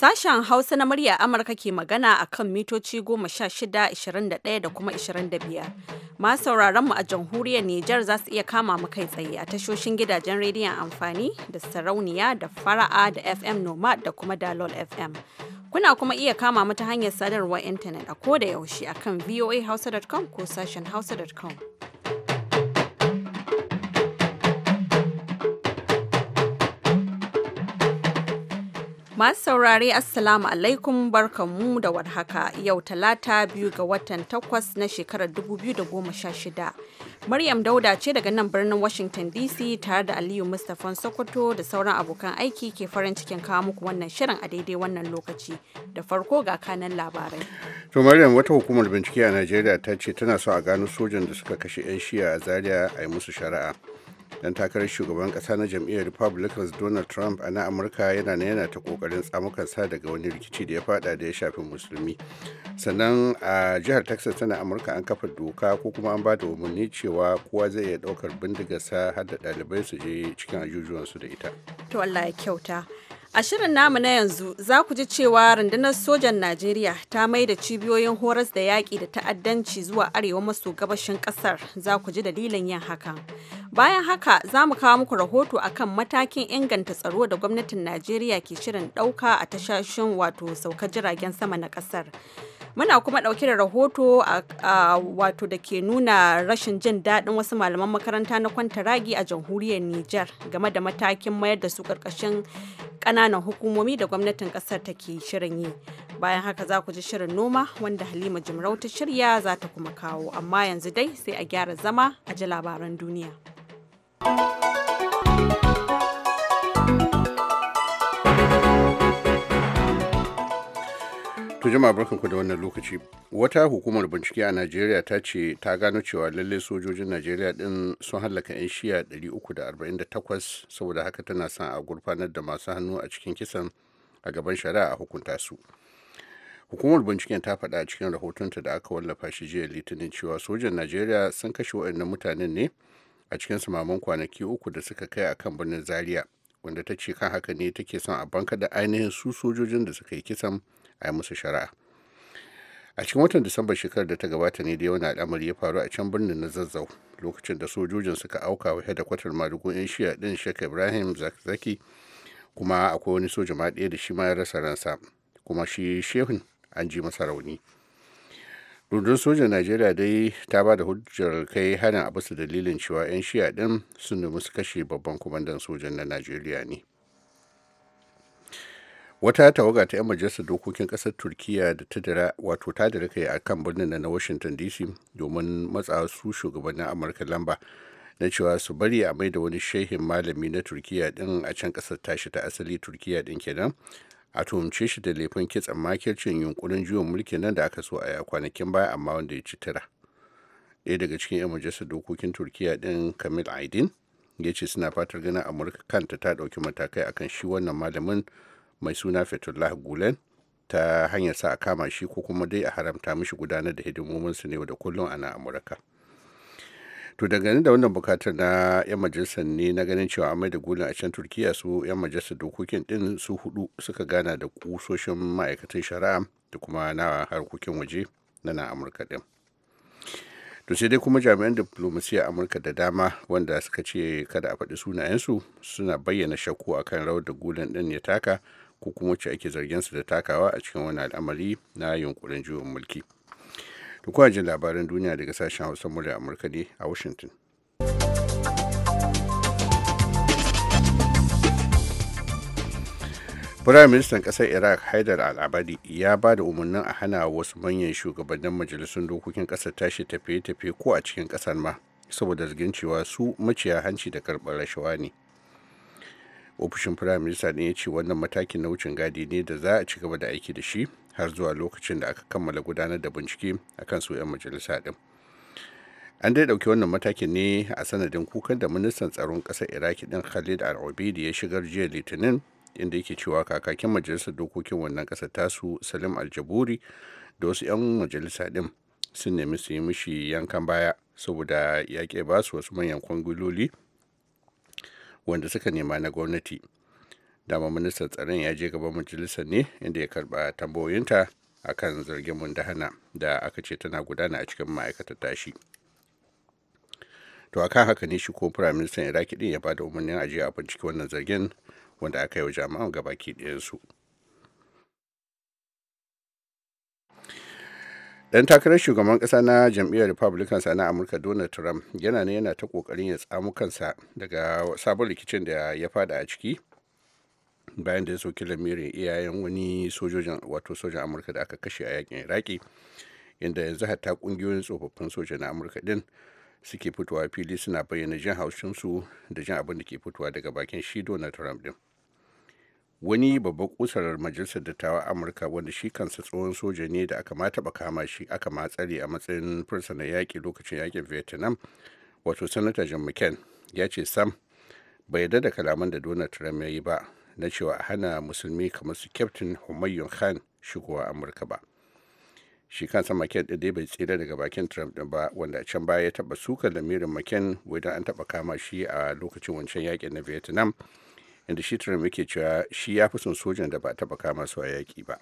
Sashen Hausa na murya Amurka ke magana a kan mitoci 16, 21 da kuma 25. Ma sauraron mu a jamhuriyar Nijar za su iya kama mu kai tsaye a tashoshin gidajen rediyon amfani da sarauniya da fara'a da FM Nomad da kuma Dalol FM. Kuna kuma iya kama mu ta hanyar sadarwar intanet a koda yaushe a kan voahausa.com ko sashen hausa.com. Masu saurare Assalamu alaikum barkanmu da warhaka yau talata biyu ga watan takwas na shekarar 2016. Maryam Dauda ce daga nan birnin Washington DC tare da Aliyu Mustapha Sokoto da sauran abokan aiki ke farin cikin kawo muku wannan shirin a daidai wannan lokaci. Da farko ga kanan labarai. To Maryam wata hukumar bincike a Najeriya ta ce tana so a gano sojan da suka kashe 'yan shiya a Zaria a yi musu shari'a. dan takarar shugaban kasa na jam'iyyar republicans donald trump a na amurka yana na yana ta kokarin sa daga wani rikici da ya fada da ya shafi musulmi sannan a jihar texas tana amurka an kafa doka ko kuma an ba da umarni cewa kowa zai iya daukar bindigarsa har da ɗalibai su je cikin ajujuwansu da ita to allah ya kyauta A shirin namu na yanzu za ku ji cewa rundunar sojan Najeriya ta mai da cibiyoyin horas da yaƙi da ta'addanci zuwa arewa maso gabashin ƙasar za ku ji dalilin yin hakan. Bayan haka za mu kawo muku rahoto akan matakin inganta tsaro da gwamnatin Najeriya ke shirin ɗauka a tashashin wato sauka jiragen sama na ƙasar. Muna kuma ɗauke da rahoto a wato da ke nuna rashin jin daɗin wasu malaman makaranta na kwantaragi a jamhuriyar Nijar game da matakin mayar da su ƙarƙashin ƙananan hukumomi da gwamnatin ƙasar take shirin yi. Bayan haka za ku ji shirin noma wanda Halima Jimrau ta shirya za ta kuma kawo. Amma yanzu dai sai a gyara zama a ji labaran duniya. To jama'a barkanku da wannan lokaci. Wata hukumar bincike a Najeriya ta ce ta gano cewa lalle sojojin Najeriya din sun hallaka 'yan shiya 348 saboda haka tana son a gurfanar da masu hannu a cikin kisan a gaban shari'a a hukunta su. Hukumar binciken ta faɗa a cikin rahotonta da aka wallafa shi jiya Litinin cewa sojan Najeriya sun kashe waɗannan mutanen ne a cikin samaman kwanaki uku da suka kai a kan birnin Zaria wanda ta ce kan haka ne take son a banka da ainihin su sojojin da suka yi kisan a yi musu shari'a a cikin watan disamba shekarar da ta gabata ne da yawan al'amari ya faru a can birnin na zazzau lokacin da sojojin suka auka wa hedakwatar madugu yan shiya din shek ibrahim zakzaki kuma akwai wani soja ma daya da shi ma ya rasa ransa kuma shi shehun an ji masa rauni rundun sojan najeriya dai ta ba da hujjar kai hana a bisa dalilin cewa yan shiya din sun nemi su kashe babban kwamandan sojan na najeriya ne wata tawaga ta 'yan majalisar dokokin kasar turkiya da ta dira wato ta dira kai kan birnin na washington dc domin matsa su shugabannin amurka lamba na cewa su bari a mai da wani shehin malami na turkiya din a can kasar tashi ta asali turkiya din kenan a tuhumce shi da laifin kitsan makircin yunkurin juyin mulki nan da aka so a ya kwanakin baya amma wanda ya ci tara ɗaya daga cikin 'yan majalisar dokokin turkiya din kamil aidin ya ce suna fatar ganin amurka kanta ta ɗauki matakai akan shi wannan malamin mai suna fetullah gulen ta hanyar sa a kama shi ko kuma dai a haramta mishi gudanar da hidimominsu ne da kullum a nan amurka to dangane da wannan bukatar na 'yan majalisar ne na ganin cewa amai da gulen a can turkiya su 'yan majalisar dokokin din su hudu suka gana da kusoshin ma'aikatan shari'a da kuma na harkokin waje na na amurka din to sai dai kuma jami'an diplomasiyyar amurka da dama wanda suka ce kada a faɗi sunayensu suna bayyana shakku akan rawar da gulen din ya taka ko kuma wacce ake zargin su da takawa a cikin wani al'amari na yunkurin juyin mulki duk jin labaran duniya daga sashen hausa murya amurka ne a washington ministan ƙasar Iraq Haidar al-Abadi ya ba da umarnin a hana wasu manyan shugabannin majalisun dokokin ƙasar tashi tafiye-tafiye ko a cikin ƙasar ma saboda zargin cewa su maciya hanci da karɓar rashawa ne. ofishin firayim minista ne ya ce wannan matakin na wucin gadi ne da za a ci gaba da aiki da shi har zuwa lokacin da aka kammala gudanar da bincike a kan su 'yan majalisa ɗin. an dai ɗauki wannan matakin ne a sanadin kukan da ministan tsaron ƙasar iraki ɗin khalid al-obidi ya shigar jiya litinin inda yake cewa kakakin majalisar dokokin wannan ƙasa tasu salim aljaburi da wasu 'yan majalisa din sun nemi su yi mishi yankan baya saboda yaƙe ba su wasu manyan kwangiloli wanda suka nema na gwamnati dama ministan tsaron ya je gaban majalisar ne inda ya karba tambayoyinta akan zargin mundahana da aka ce tana gudana a cikin ma'aikatar tashi to akan haka ne shi ko firaministan iraki din ya bada umarnin ajiye a binciki wannan zargin wanda aka yi wa jama'an gabaki ɗayansu. su dan takarar shugaban kasa na jam'iyyar republicans na amurka donald trump yana ne yana ta kokarin ya tsamu kansa daga sabon rikicin da ya fada a ciki bayan da ya soki lamirin iyayen wani sojojin wato sojan amurka da aka kashe a yakin iraki inda yanzu hatta kungiyoyin tsofaffin soja na amurka din suke fitowa fili suna bayyana jin haushinsu da jin abin da ke fitowa daga bakin shi donald trump din wani babban kusurar majalisar dattawa amurka wanda shi kansa tsohon soja ne da aka ma taba kama shi aka ma a matsayin fursunan yaƙi lokacin yaƙin vietnam wato sanata john mccain ya ce sam bai yarda da kalaman da donald trump ya yi ba na cewa a hana musulmi kamar su captain humayun khan shigowa amurka ba shi kansa mccain ɗin dai bai tsira daga bakin trump ɗin ba wanda a can baya ya taba sukar lamirin mccain wadda an taɓa kama shi a lokacin wancan yaƙin na vietnam inda shi Trump yake cewa shi ya fi son sojan da ba taɓa kama su a yaƙi ba.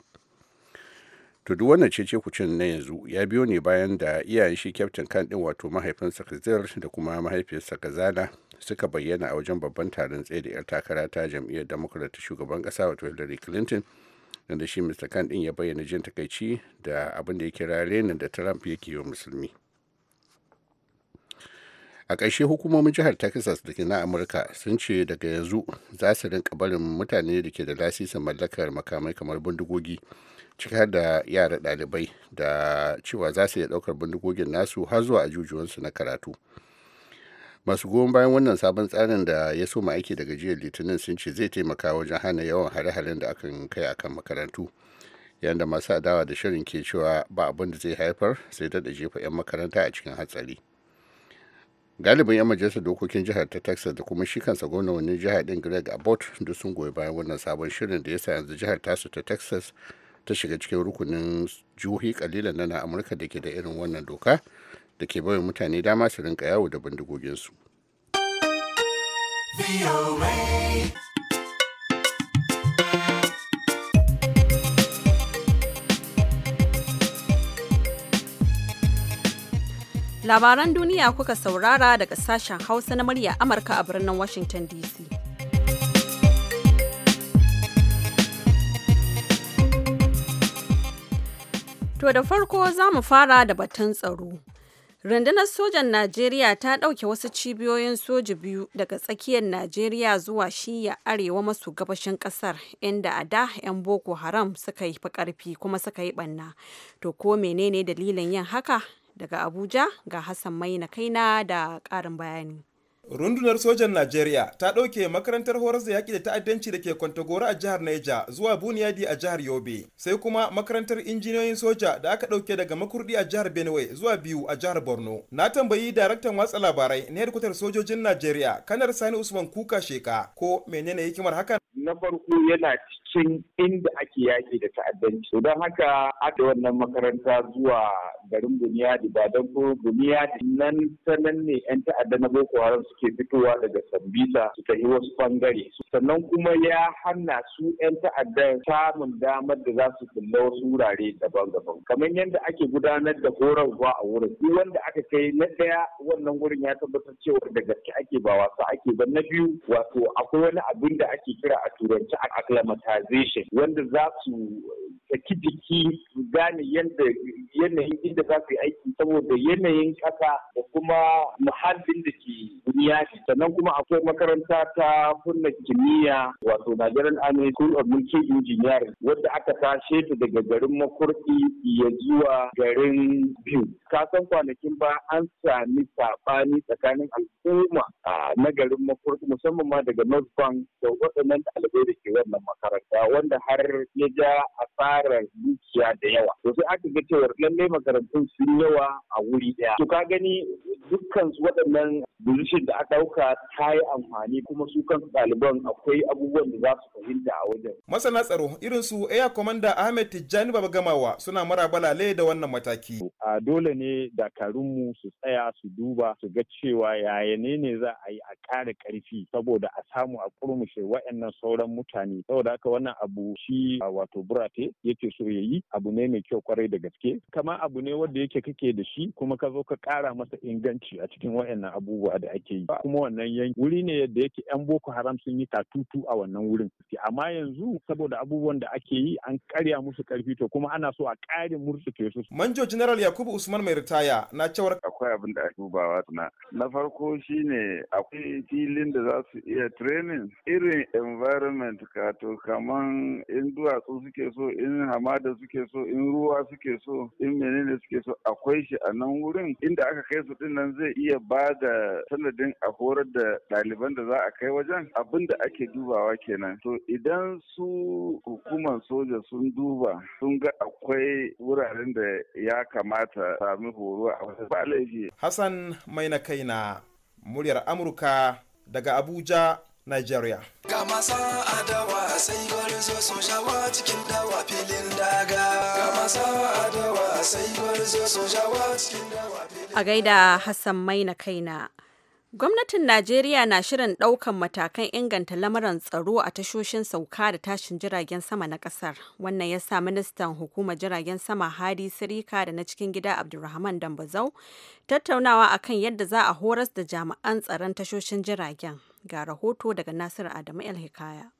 To duk wannan cece kucin na yanzu ya biyo ne bayan da iyayen shi kyaftin kan ɗin wato mahaifinsa Kazir da kuma mahaifiyarsa Kazana suka bayyana a wajen babban taron tsaye da 'yar takara ta jam'iyyar Democrat ta shugaban kasa wato Hillary Clinton. inda shi Mr. kan din ya bayyana jin takaici da abin da ya kira renin da Trump yake yi wa musulmi. a ƙarshe hukumomin jihar texas da ke na amurka sun ce daga yanzu za su rinka barin mutane da ke da lasisin mallakar makamai kamar bindigogi cikar da yara ɗalibai da cewa za su iya ɗaukar bindigogin nasu har zuwa ajujuwansu na karatu masu goyon bayan wannan sabon tsarin da ya soma aiki daga jiya litinin sun ce zai taimaka wajen hana yawan hare-haren da akan kai akan makarantu yadda masu adawa da shirin ke cewa ba abin da zai haifar sai da jefa 'yan makaranta a cikin hatsari galibin 'yan majalisar dokokin jihar ta texas da kuma shi kansa wani jihar din greg abbott duk sun goyi bayan wannan sabon shirin da ya sa yanzu jihar tasu ta texas ta shiga cikin rukunin jihohi kalilan na amurka da ke da irin wannan doka da ke bayan mutane dama su rinka yawo da bindigoginsu. Labaran duniya kuka saurara daga sashen Hausa na murya Amurka a birnin Washington DC. To da farko za mu fara da batun tsaro. Rundunar sojan Najeriya ta ɗauke wasu cibiyoyin soji biyu daga tsakiyar Najeriya zuwa shiya arewa masu gabashin ƙasar inda a da 'yan Boko Haram suka yi fi kuma suka yi ɓanna. To ko menene dalilin yin haka? Daga Abuja ga Hassan Maina Kaina da ƙarin bayani. Rundunar sojan Najeriya ta ɗauke makarantar horar da yaƙi da ta'addanci da ke Kwantagoro a jihar Neja zuwa Buniyadi a jihar Yobe, sai kuma makarantar injiniyoyin soja da aka ɗauke daga makurdi a jihar Benue zuwa biyu a jihar Borno. Na tambayi daraktan watsa labarai na hedkwatar sojojin Najeriya, Kanar Sani Usman Kuka Sheka, ko menene hikimar hakan? Na farko yana cikin inda ake yaƙi da ta'addanci. To don haka aka wannan makaranta zuwa garin Buniyadi ba don ko Buniyadi nan sanan ne 'yan ta'adda na Boko Haram suke fitowa daga Sambisa su tafi wasu bangare. Sannan kuma ya hana su 'yan ta'adda samun damar da za su kulla wasu wurare daban-daban. Kamar yadda ake gudanar da horarwa a wurin. Duk wanda aka kai na ɗaya wannan wurin ya tabbatar cewa da gaske ake ba wasa ake ba. Na biyu wato akwai wani abin da ake kira a turanci a organization wanda za su saki jiki gane yadda yanayin inda za su yi aiki saboda yanayin ƙasa da kuma muhallin da ke duniya sannan kuma akwai makaranta ta kunna kimiyya wato Nigerian Army School of Military Engineering wadda aka tashe ta daga garin makurdi ya zuwa garin biyu kasan kwanakin ba an sami saɓani tsakanin al'umma ah, na garin makurdi musamman ma daga North Bank da waɗannan ɗalibai da ke wannan makaranta wanda har ya ja asarar dukiya da yawa to sai aka ga cewa lalle makarantun sun yawa a wuri ɗaya to ka gani dukkan waɗannan bulshin da aka ɗauka ta yi amfani kuma su kansu ɗaliban akwai abubuwan da za su fahimta a wajen masana tsaro irin su Air Commander Ahmed Tijjani Baba Gamawa suna balale da wannan mataki a dole ne dakarun mu su tsaya su duba su ga cewa yaya ne ne za a yi a ƙara ƙarfi saboda a samu a kurmushe waɗannan sauran mutane saboda haka wannan abu shi a wato burate yake so ya yi abu ne mai kyau kwarai da gaske kama abu ne wanda yake kake da shi kuma ka zo ka kara masa inganci a cikin wayannan abubuwa da ake yi kuma wannan yanki wuri ne yadda yake yan boko haram sun yi tatutu a wannan wurin amma yanzu saboda abubuwan da ake yi an karya musu karfi to kuma ana so a kare ke su manjo general yakubu usman mai ritaya na cewar akwai abin da dubawa na na farko shine akwai filin da za su iya training irin environment ka to kamar kaman in duwatsu suke so in hamada suke so in ruwa suke so in menene suke so akwai shi a nan wurin inda aka kai su din nan zai iya ba da sanadin a horar da ɗaliban da za a kai wajen abin da ake dubawa kenan to idan su hukumar soja sun duba sun ga akwai wuraren da ya kamata sami horo a ba laifi hassan mai na kaina muryar amurka daga abuja Nigeria. A gaida Hassan Maina kaina. Gwamnatin Najeriya na shirin ɗaukan matakan inganta lamuran tsaro a tashoshin sauka da tashin jiragen sama na ƙasar. Wannan ya sa ministan hukumar jiragen sama Hadi Sirika da na cikin gida Abdulrahman Dambazau tattaunawa akan yadda za a horas da jami'an tsaron tashoshin jiragen. Ga rahoto daga Nasiru Adamu El Hikaya.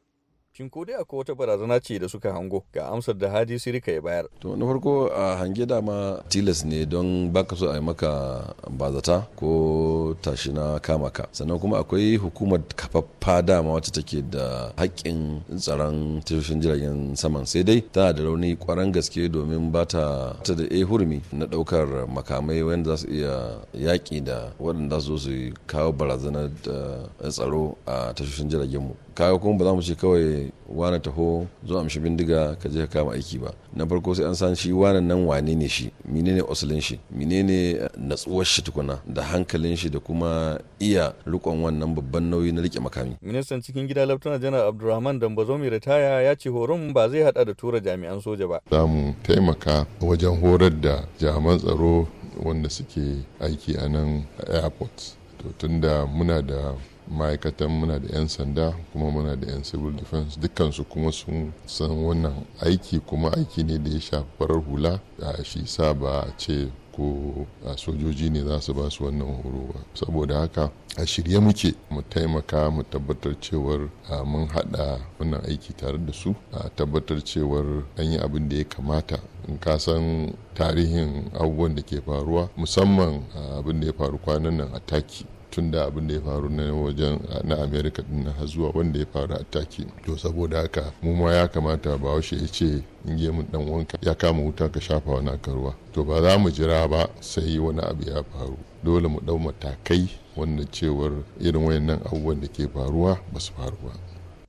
Shin ko dai akwai wata barazana ce da suka hango ga amsar da Hadi Sirika ya bayar? To na farko a hange dama tilas ne don baka so a yi maka bazata ko tashi na kama ka. Sannan kuma akwai hukumar kafaffa dama wacce take da haƙƙin tsaron tashoshin jiragen saman sai dai tana da rauni kwaran gaske domin ba ta da A eh hurmi na ɗaukar makamai wanda za su iya yaƙi da waɗanda za su kawo barazanar eh, tsaro a tashoshin jiragen mu. kaga kuma ba za mu ce kawai wane taho zo amshi bindiga ka je ka kama aiki ba na farko sai an san shi wane nan wane ne shi menene osilin shi menene natsuwar shi tukuna da hankalin shi da kuma iya rikon wannan babban nauyi na rike makami ministan cikin gida laftana janar abdulrahman dambazo mai ritaya ya ce horon ba zai hada da tura jami'an soja ba za mu taimaka wajen horar da jami'an tsaro wanda suke aiki a nan airport to tunda muna da ma'aikatan muna da 'yan sanda kuma muna da 'yan civil defense dukansu kuma sun san wannan aiki kuma aiki ne da ya shafi farar hula shi sa ba a ce ko sojoji ne za su ba su wannan horo ba saboda haka a shirye muke mu taimaka mu tabbatar cewar mun hada wannan aiki tare da su a tabbatar cewar an yi abin da ya kamata in ka san tarihin abubuwan da ke faruwa musamman abin da ya faru kwanan nan a taki tun da abin da ya faru na wajen na amerika din har zuwa wanda ya faru a taki to saboda haka mu ma ya kamata ba washe ya ce in yi mun dan wanka ya kama wuta ka shafa wani ruwa to ba za mu jira ba sai wani abu ya faru dole mu dau matakai wannan cewar irin wayannan abubuwan da ke faruwa ba su faru ba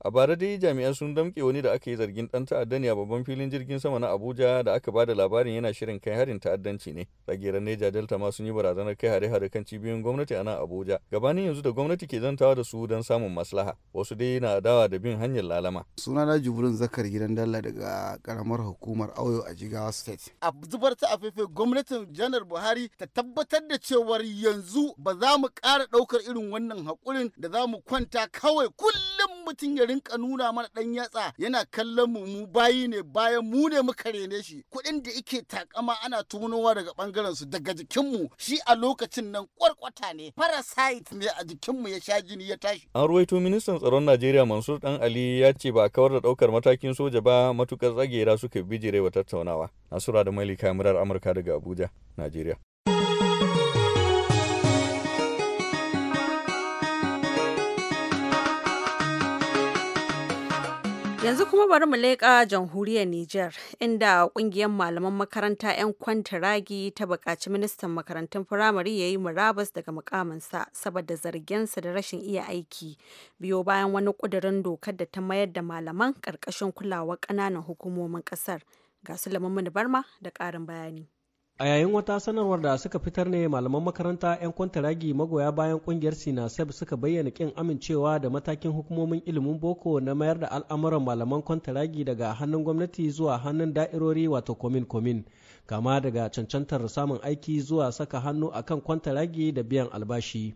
A bara dai jami'an sun damƙe wani da aka yi zargin ɗan ta'adda ne a babban filin jirgin sama na Abuja da aka ba da labarin yana shirin kai harin ta'addanci ne. Tsagerar Neja Delta ma sun yi barazanar kai hare-hare kan cibiyoyin gwamnati a nan Abuja. Gabanin yanzu da gwamnati ke zantawa da su don samun maslaha. Wasu dai na dawa da bin hanyar lalama. suna na Jibrin Zakar Gidan Dalla daga karamar hukumar Auyo a Jigawa State. A zubar ta afefe gwamnatin Janar Buhari ta tabbatar da cewar yanzu ba za mu kara ɗaukar irin wannan haƙurin da za mu kwanta kawai kullum kullum mutum ya rinka nuna mana dan yatsa yana kallon mu mu bayi ne bayan mu ne muka rene shi kuɗin da yake takama ana tunowa daga bangaren su daga jikin mu shi a lokacin nan kwarkwata ne parasite ne a jikin mu ya sha jini ya tashi an ruwaito ministan tsaron Najeriya Mansur Dan Ali ya ce ba kawar da daukar matakin soja ba matukar tsagera suka bijirewa tattaunawa Nasura da Malika Murar Amurka daga Abuja Najeriya Yanzu kuma bari mu leƙa jamhuriyar Nijar, inda ƙungiyar malaman makaranta 'yan ragi ta buƙaci ministan makarantun firamare ya yi murabas daga mukaminsa saboda zargensa da rashin iya aiki, biyo bayan wani ƙudurin dokar da ta mayar da malaman ƙarƙashin kulawar ƙananan hukumomin ƙasar. Ga su Barma da ƙarin bayani. A yayin wata sanarwar da suka fitar ne malaman makaranta 'yan kwantaragi magoya bayan kungiyar Sinasab suka bayyana kin amincewa da matakin hukumomin ilimin boko na mayar da al'amuran malaman kwantaragi daga hannun gwamnati zuwa hannun da'irori wato komin-komin, kama daga cancantar samun aiki zuwa saka hannu akan kwantaragi da biyan albashi.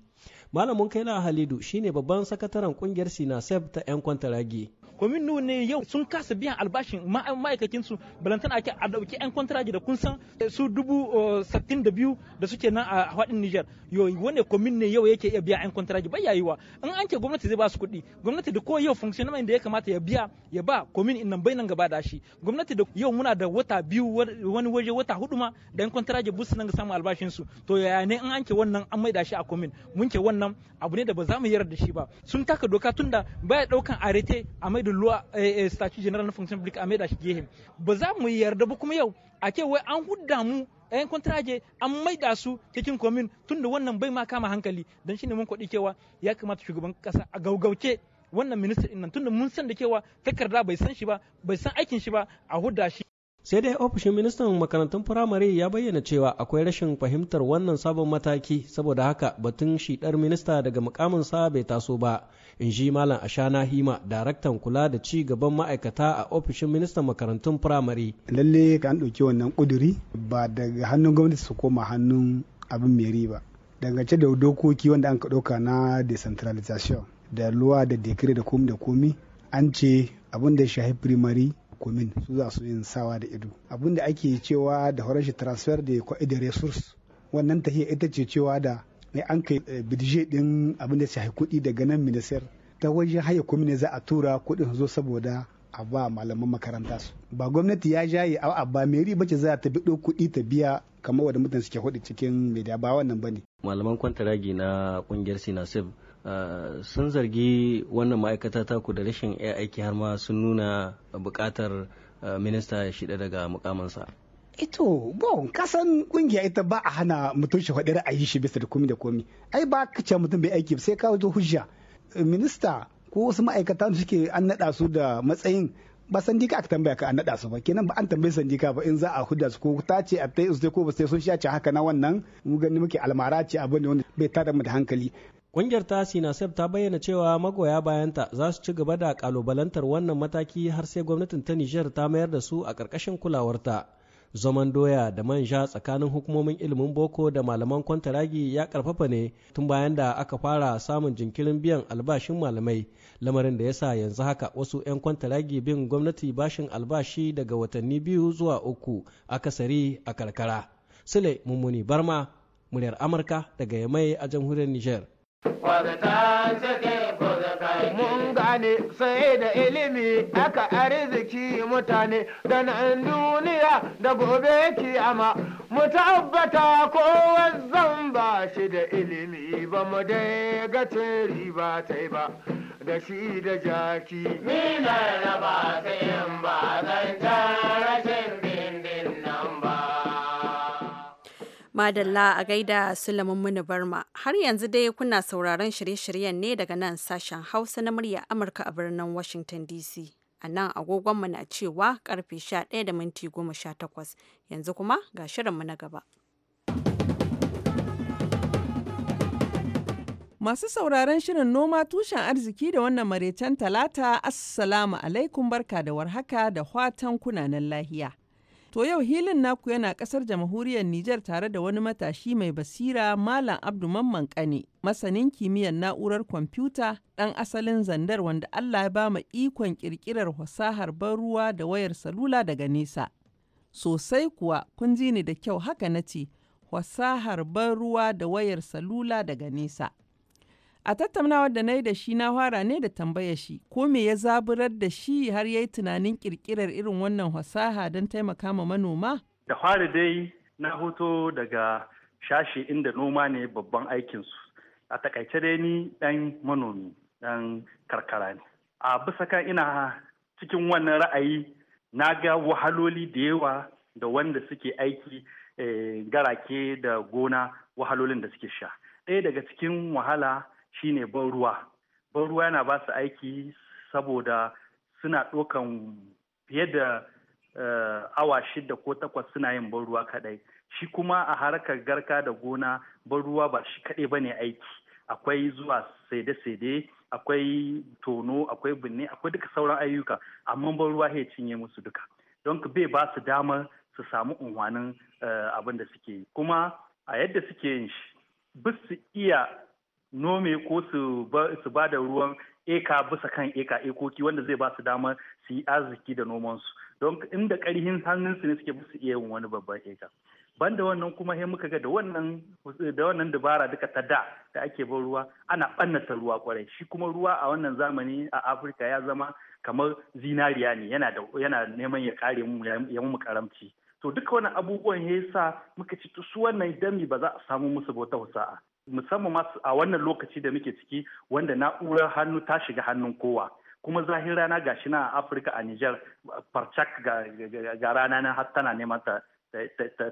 Malamin Kaila Halidu shine babban sakataren kungiyar Sinasab ta 'yan kwantaragi. komin nu ne yau sun kasa biyan albashin ma'aikacin su balantana ake a dauki yan kwantaraji da kun san eh, su dubu oh, sattin da biyu da suke nan a hadin Niger yo wane komin ne yau yake iya biya yan kwantaraji bai yayiwa in an ce gwamnati zai ba su kuɗi gwamnati da ko yau funksiyonin da ya kamata ya biya ya ba komin in nan bai nan gaba da shi gwamnati da yau muna da wata biyu wani waje wata hudu ma da yan kwantaraji bus nan samu albashin su to yaya ne in an ce wannan an maida shi a komin mun ce wannan abu ne da ba za mu yarda da shi ba sun taka doka tunda baya daukan arete a mai da luwa eh, eh, statut general na fonction public a maida shi gehe ba za mu yarda ba kuma yau a ke wai an hudda mu yan kwantarage an maida su cikin komin tunda wannan bai ma kama hankali don shine mun kwaɗi cewa ya kamata shugaban kasa a gaugauce wannan minista ɗin nan tunda mun san da cewa takarda bai san shi ba bai san aikin shi ba a hudda shi sai dai ofishin ministan makarantun firamare ya bayyana cewa akwai rashin fahimtar wannan sabon mataki saboda haka batun shidar minista daga mukaminsa bai taso ba in ji malam ashana hima daraktan kula da ci gaban ma'aikata a ofishin ministan makarantun firamare lalle ka an ɗauki wannan kuduri ba daga hannun gwamnati su koma hannun abin meri ba dangance da dokoki wanda an ka ɗauka na decentralization da luwa da dekire da komi da komi an ce abin da ya shafi firamare. komin su za su yin sawa da ido abin da ake cewa da horashi transfer da kwa'i da resource wannan tahiyar ita ce cewa da mai an kai eh, bidje din abin da shahi kuɗi daga nan minister ta wajen haya komin za a tura kuɗin su zo saboda a ba malaman makaranta su ba gwamnati ya jaye a ba meri bace za ta biɗo kuɗi ta biya kamar wadda mutane suke hudu cikin media ba wannan bane malaman kwantaragi na kungiyar sinasib Eh, sun zargi wannan ma'aikata taku da rashin aiki har ma sun nuna bukatar eh, minista shida daga mukamansa. ito eh bon kasan kungiya ita ba a hana mutum shi faɗi ra'ayi shi bisa da komi da komi ai ba ka ce mutum bai aiki sai ka zo hujja minista ko wasu ma'aikata suke an naɗa su da matsayin ba sandika aka tambaya ka an naɗa su ba kenan ba an tambayi sandika ba in za a hudda su ko ta ce a tai ko ba sai sun sha haka na wannan mu gani muke almara ce abu ne wanda bai tada mu da hankali Ƙungiyar ta Sinasef ta bayyana cewa magoya bayanta za su ci gaba da ƙalubalantar wannan mataki har sai gwamnatin ta Nijar ta mayar da su a ƙarƙashin kulawarta. Zaman doya da manja tsakanin hukumomin ilimin boko da malaman kwantaragi ya ƙarfafa ne tun bayan da aka fara samun jinkirin biyan albashin malamai, lamarin da ya sa yanzu haka wasu 'yan kwantaragi bin gwamnati bashin albashi daga watanni biyu zuwa uku akasari a karkara. Sule Mummuni Barma, muryar Amurka daga Yamai a jamhuriyar Nijar. Mun gane sai da ilimi aka arziki mutane da nan duniya da gobe kiyama mu tabbata kowan zan ba shi da ilimi ba mu dai ga riba ta ba da shi da jaki. Ni na raba ta yin ba zan rashin Madalla a gaida Sulaiman Muni Barma. Har yanzu dai kuna sauraron shirye-shiryen ne daga nan sashen Hausa na murya Amurka a birnin Washington DC. A nan agogonmu na cewa karfe 11 da minti 18. Yanzu kuma ga shirinmu na gaba. Masu sauraron shirin noma tushen arziki da wannan maraicen talata, Assalamu alaikum barka da warhaka da watan kunanan lahiya. To yau hilin naku yana kasar jamhuriyar Nijar tare da wani matashi mai basira Malam Abdu Mamman Kane, masanin kimiyyar na'urar kwamfuta ɗan asalin zandar wanda Allah ya bama ikon ƙirƙirar fasahar ban ruwa da wayar salula daga nesa. Sosai kuwa kun ji ni da kyau haka na ce, fasahar ban ruwa da wayar salula daga nesa. A tattaunawar da na yi da shi na fara ne da tambaya shi, ko me ya zaburar da shi har ya yi tunanin kirkirar irin wannan fasaha don taimaka ma manoma? Da fari dai na hoto daga shashi inda noma ne babban aikinsu. A takaice dai ni ɗan manomi, ɗan karkara ne. A bisa kan ina cikin wannan ra'ayi na ga wahaloli da yawa da wanda suke aiki eh, garake da gona wahalolin da suke sha. Ɗaya daga cikin wahala shine ban ruwa ban ruwa yana ba su aiki saboda suna ɗaukan fiye da eh, awa shida ko takwas suna yin ban ruwa kaɗai shi kuma a harkar garka da gona ban ruwa ba shi kaɗai ba ne aiki akwai zuwa saide-saide akwai tono akwai binne akwai duka sauran ayyuka amma ban ruwa ya cinye musu duka don bai ba su damar su samu unwanin eh, abin da suke yi kuma a yadda suke yin shi bisu iya nome ko su ba da ruwan eka bisa kan eka ekoki wanda zai ba su damar su yi arziki da nomansu don inda hannun hannunsu ne suke su iya yin wani babban eka banda wannan kuma he muka ga da wannan dabara duka ta da da ake ban ruwa ana ɓannata ruwa kwarai shi kuma ruwa a wannan zamani a afirka ya zama kamar zinariya ne yana yana neman ya kare mu ya mu karamci to duka wannan abubuwan ya sa muka ci su wannan dami ba za a samu musu bauta wasa'a musamman ma a wannan lokaci da muke ciki wanda na'urar hannu ta shiga hannun kowa kuma zahir rana gashi na afirka a niger farcak ga rana na har tana neman ta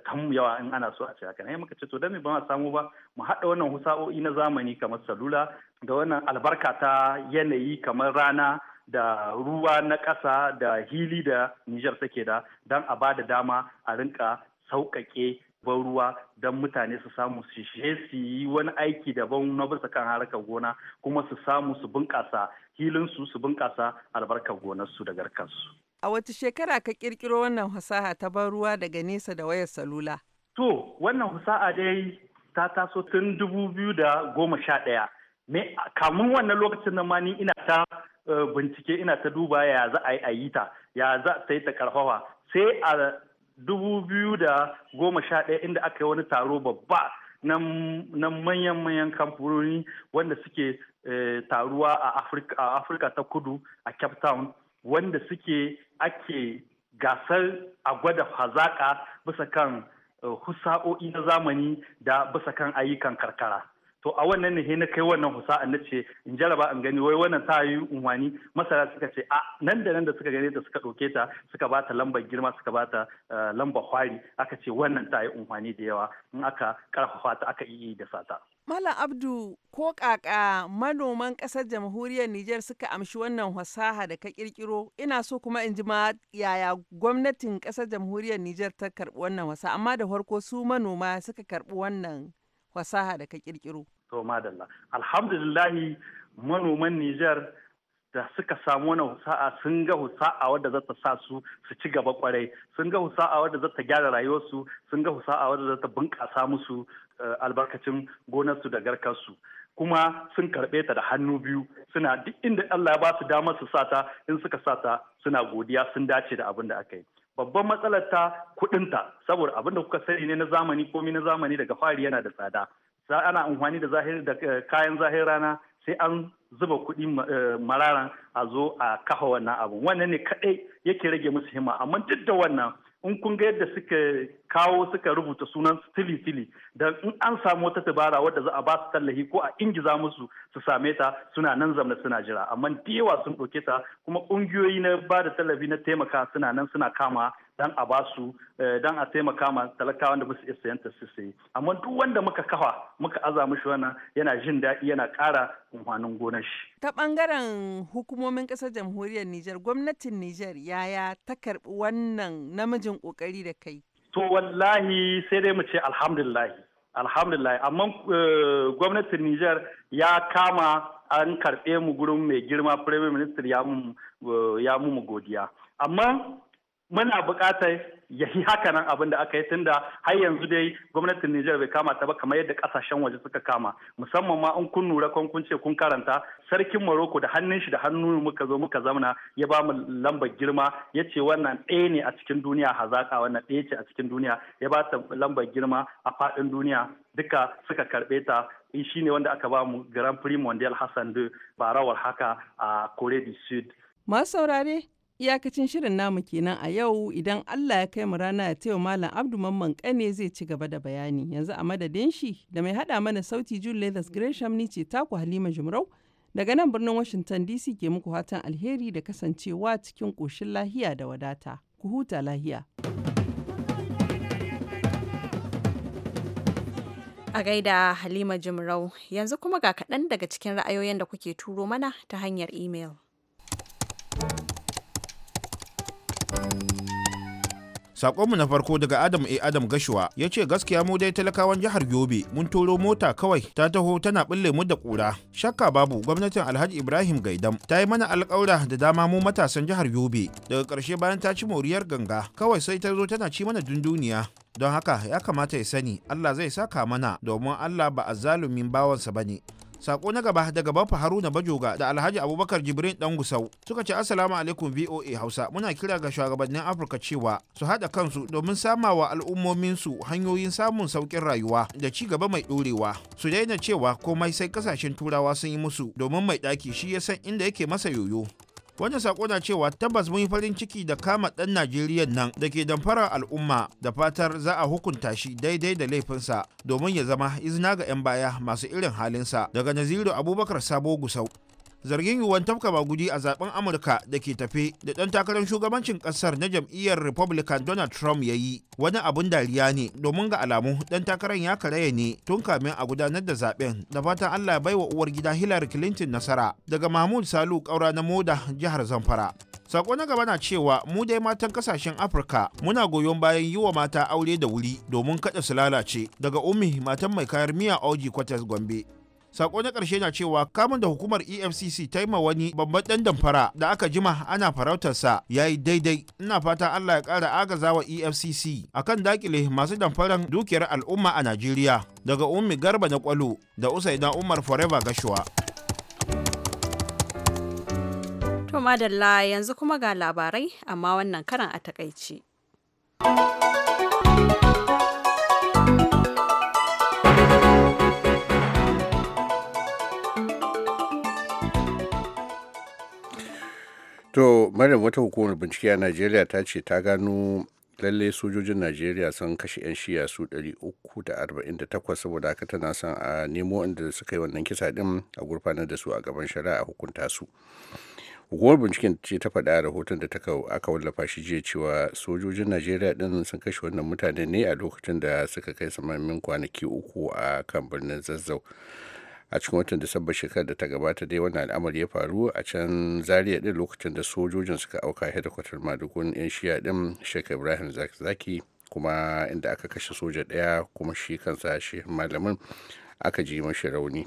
tamu yawa in ana so a cikin haka muka ce to dami ba ma samu ba mu haɗa wannan husa'o'i na zamani kamar salula da wannan albarka ta yanayi kamar rana da ruwa na ƙasa da hili da Nijar take da don a ba da dama a rinka sauƙaƙe ban ruwa don mutane su samu su shi su yi wani aiki daban na bisa kan harkar gona kuma su samu su bunƙasa hilinsu su bunƙasa albarkar gonarsu da garkarsu. A wace shekara ka ƙirƙiro wannan fasaha ta ban ruwa daga nesa da wayar salula? To, wannan fasaha dai ta taso tun dubu biyu da goma sha ɗaya. Me kamun wannan lokacin na ma ina ta eh, bincike ina ta duba ya za a yi ta ya za ta yi ta karfafa sai a dubu biyu da goma sha ɗaya inda aka yi wani taro babba na manyan-manyan kamfanoni wanda suke eh, taruwa a afirka ta kudu a cape town wanda suke ake gasar a gwada hazaƙa bisa kan eh, husa'o'i na zamani da bisa kan ayyukan karkara to a wannan ne na kai wannan wasa na ce in jaraba in gani wai wannan ta yi unwani masara suka ce a nan da nan da suka gane ta suka ɗauke ta suka ba ta lambar girma suka ba ta eh, lambar hwari aka ce wannan ta yi unwani da yawa in aka karfafa ta aka yi da sata. Malam Abdu ko kaka manoman kasar jamhuriyar Nijar suka amshi wannan fasaha da ka kirkiro ina so kuma in ji ma yaya gwamnatin ƙasar jamhuriyar Nijar ta karbi wannan wasa amma da farko su manoma suka karbi wannan fasaha da ka kirkiro to madalla alhamdulillahi manoman Nijar da suka samu wani husa'a sun ga a wadda za ta sa su su ci gaba kwarai sun ga a wadda za ta gyara rayuwarsu sun ga a wadda za ta bunƙasa musu eh, albarkacin gonarsu da garkarsu kuma sun karɓe ta da hannu biyu suna duk inda Allah ya ba su damar su sata in suka sata suna godiya sun dace da abin da aka yi babban matsalar ta kuɗinta saboda abinda kuka sani ne na zamani komi na zamani daga fari yana da tsada za ana amfani da eh, kayan zahir rana sai an zuba kuɗi eh, mararan a zo a kafa wannan abin wannan ne kaɗai yake rage musu himma amma duk da wannan in kun ga yadda suka kawo suka rubuta sunan sili sili da in an samu wata dabara wadda za a ba su tallahi ko a ingiza musu su same ta suna nan zamna suna jira amma da yawa sun ɗauke ta kuma ƙungiyoyi na ba da tallafi na taimaka suna nan suna kama dan a basu eh, dan a taimaka ma talakawa da basu iya sayan ta su amma duk wanda muka kafa muka aza mushi wannan yana jin daɗi yana ƙara umfanin gonar shi ta bangaren hukumomin ƙasar jamhuriyar Nijar gwamnatin Nijar yaya ta karɓi wannan namijin ƙoƙari da kai to wallahi sai dai mu ce alhamdulillahi alhamdulillahi amma eh, gwamnatin Nijar ya kama an karɓe mu gurin mai girma Firayim Ministan eh, ya mu godiya. Amma muna buƙatar ya yi haka nan abin da aka yi tun da har yanzu dai gwamnatin Nijar bai kama ta ba kamar yadda kasashen waje suka kama musamman ma in kun nura kun kun ce kun karanta sarkin Maroko da hannun shi da hannun muka zo muka zamana ya ba mu lambar girma ya ce wannan ɗaya ne a cikin duniya hazaka wannan ɗaya ce a cikin duniya ya ba ta lambar girma a faɗin duniya duka suka karɓe ta shi ne wanda aka ba mu Grand Prix Mondial Hassan II barawar haka a Kore du Sud. Masu saurare Iyakacin shirin namu kenan a yau idan Allah ya kai mu rana ya taya Malam Abdu Mamman Kane zai ci gaba da bayani. Yanzu a madadin shi da mai haɗa mana sauti June Leathers Gresham ni ce taku Halima Jumrau daga nan birnin Washington DC ke muku hatan alheri da kasancewa cikin koshin lahiya da wadata. Ku huta lahiya. A gaida Halima Jimrau, yanzu kuma ga kaɗan daga cikin ra'ayoyin da kuke turo mana ta hanyar email Sakonmu na farko daga Adam A. Adam Gashuwa ya ce gaskiya mu dai talakawan jihar Yobe mun toro mota kawai ta taho tana bulle mu da kura. Shakka babu gwamnatin Alhaji Ibrahim Gaidam ta yi mana alƙawura da dama mu matasan jihar Yobe daga ƙarshe bayan ta ci moriyar ganga kawai sai ta zo tana ci mana dunduniya. Don haka ya kamata ya sani Allah zai saka mana domin Allah ba a zalumin bawansa ba ne. sako na gaba daga bafa haruna bajoga da alhaji abubakar jibrin dan gusau suka ce assalamu alaikum voa hausa muna kira ga shugabannin afirka cewa su haɗa kansu domin sama wa su hanyoyin samun sauƙin rayuwa da ci gaba mai ɗorewa su daina cewa komai sai ƙasashen turawa sun yi musu domin mai ɗaki shi ya san inda yake masa yoyo wannan sako na cewa tabbas mun yi farin ciki da kama dan najeriya nan da ke damfara al'umma da fatar za a hukunta shi daidai da laifinsa domin ya zama izina ga 'yan baya masu irin halinsa daga naziru abubakar sabo gusau zargin yiwuwar tafka magudi a zaben amurka da ke tafe da ɗan takarar shugabancin ƙasar na jam'iyyar republican donald trump ya yi wani abun dariya ne domin ga alamu dan takarar ya karaya ne tun kamin a gudanar da zaben da fatan allah bai wa uwar gida hillary clinton nasara daga mahmud salu ƙaura na moda jihar zamfara sako na gaba na cewa mu dai matan kasashen afirka muna goyon bayan yi wa mata aure da wuri domin kada su lalace daga umi matan mai kayar miya auji kwatas gombe sako na ƙarshe na cewa kamun da hukumar efcc ta yi ma wani babban dan damfara da aka jima ana farautarsa ya yi daidai ina fata allah ya ƙara agaza wa efcc kan dakile masu damfaran dukiyar al'umma a najeriya daga ummi garba na kwalo da usaina umar forever gashuwa to madalla yanzu kuma ga labarai amma wannan karan a takaice to maryam wata hukumar bincike a najeriya ta ce ta gano lalle sojojin najeriya sun kashe 'yan shiya su 348 saboda haka tana son a nemo inda suka yi wannan kisa din a gurfanar da su a gaban shari'a a hukunta su hukumar binciken ce ta faɗa a rahoton da aka wallafa shi jiya cewa sojojin najeriya din sun kashe wannan mutane ne a lokacin da suka kai samamin kwanaki uku a kan birnin zazzau a cikin watan disamba shekarar da ta gabata dai wannan al'amari ya faru a can zariya din lokacin da sojojin suka auka hedikwatar madugun yan shiya din shekar ibrahim zaki kuma inda aka kashe soja daya kuma shi kansa shi malamin aka ji mashi rauni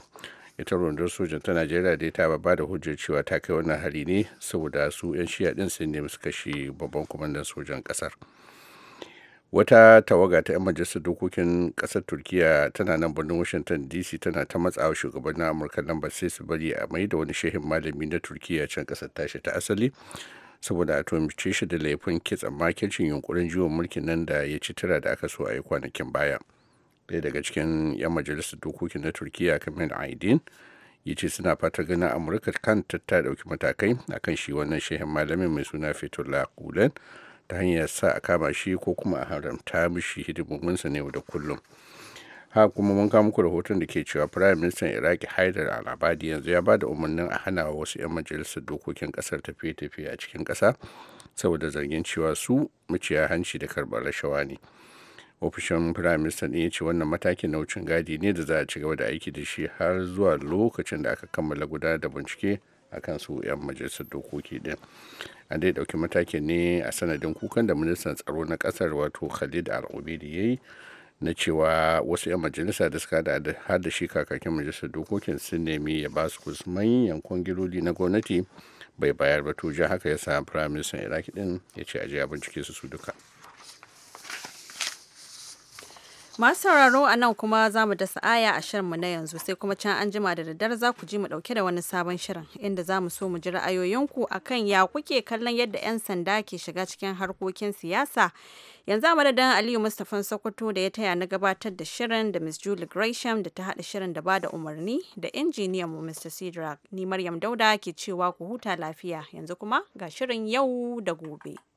ita rundunar sojan ta najeriya dai ta ba da hujjar cewa ta kai wannan hari ne saboda su yan shiya din sun nemi su kashe babban kwamandan sojan kasar. wata tawaga ta 'yan majalisar dokokin kasar turkiya tana nan birnin washington dc tana ta matsawa na amurka lambar sai su bari a mai da wani shehin malami na turkiya can kasar tashi ta asali saboda a tumce shi da laifin kitsa makircin yunkurin jiwon mulkin nan da ya ci tura da aka so a yi kwanakin baya daya daga cikin 'yan majalisar dokokin na turkiya kamil aidin ya ce suna fata ganin amurka kan ta ɗauki matakai akan shi wannan shehin malamin mai suna fetullah gulen ta hanyar sa a kama shi ko kuma a haramta mishi hidimominsa ne da kullum ha kuma mun kawo muku rahoton da ke cewa prime minister iraki haidar al yanzu ya bada umarnin a hana wasu 'yan majalisar dokokin kasar tafiye-tafiye a cikin kasa saboda zargin cewa su maciya hanci da karbar rashawa ne ofishin prime minister ɗin ya ce wannan matakin na wucin gadi ne da za a ci gaba da aiki da shi har zuwa lokacin da aka kammala gudanar da bincike akan su 'yan majalisar dokoki din an dai ɗauki matakin ne a sanadin kukan da ministan tsaro na kasar wato khalid al ubaidi ya yi na cewa wasu 'yan majalisa da suka har da shi kakakin majalisar dokokin sun nemi ya ba su kusman yankon na gwamnati bai bayar ba to haka ya sa firaministan iraki din ya ce a bincike su su duka Masu sauraro a nan kuma za mu dasa aya a shirinmu na yanzu sai kuma can an jima da daddare za ku ji mu dauke da wani sabon shirin inda za mu so mu ji ra'ayoyinku a kan ya kuke kallon yadda 'yan sanda ke shiga cikin harkokin siyasa. Yanzu a madadin Aliyu Mustapha Sokoto da ya taya na gabatar da shirin da Miss Julie Gresham da ta haɗa shirin da ba da umarni da injiniyan mu Mr. Sidrak. Ni Maryam Dauda ke cewa ku huta lafiya yanzu kuma ga shirin yau da gobe.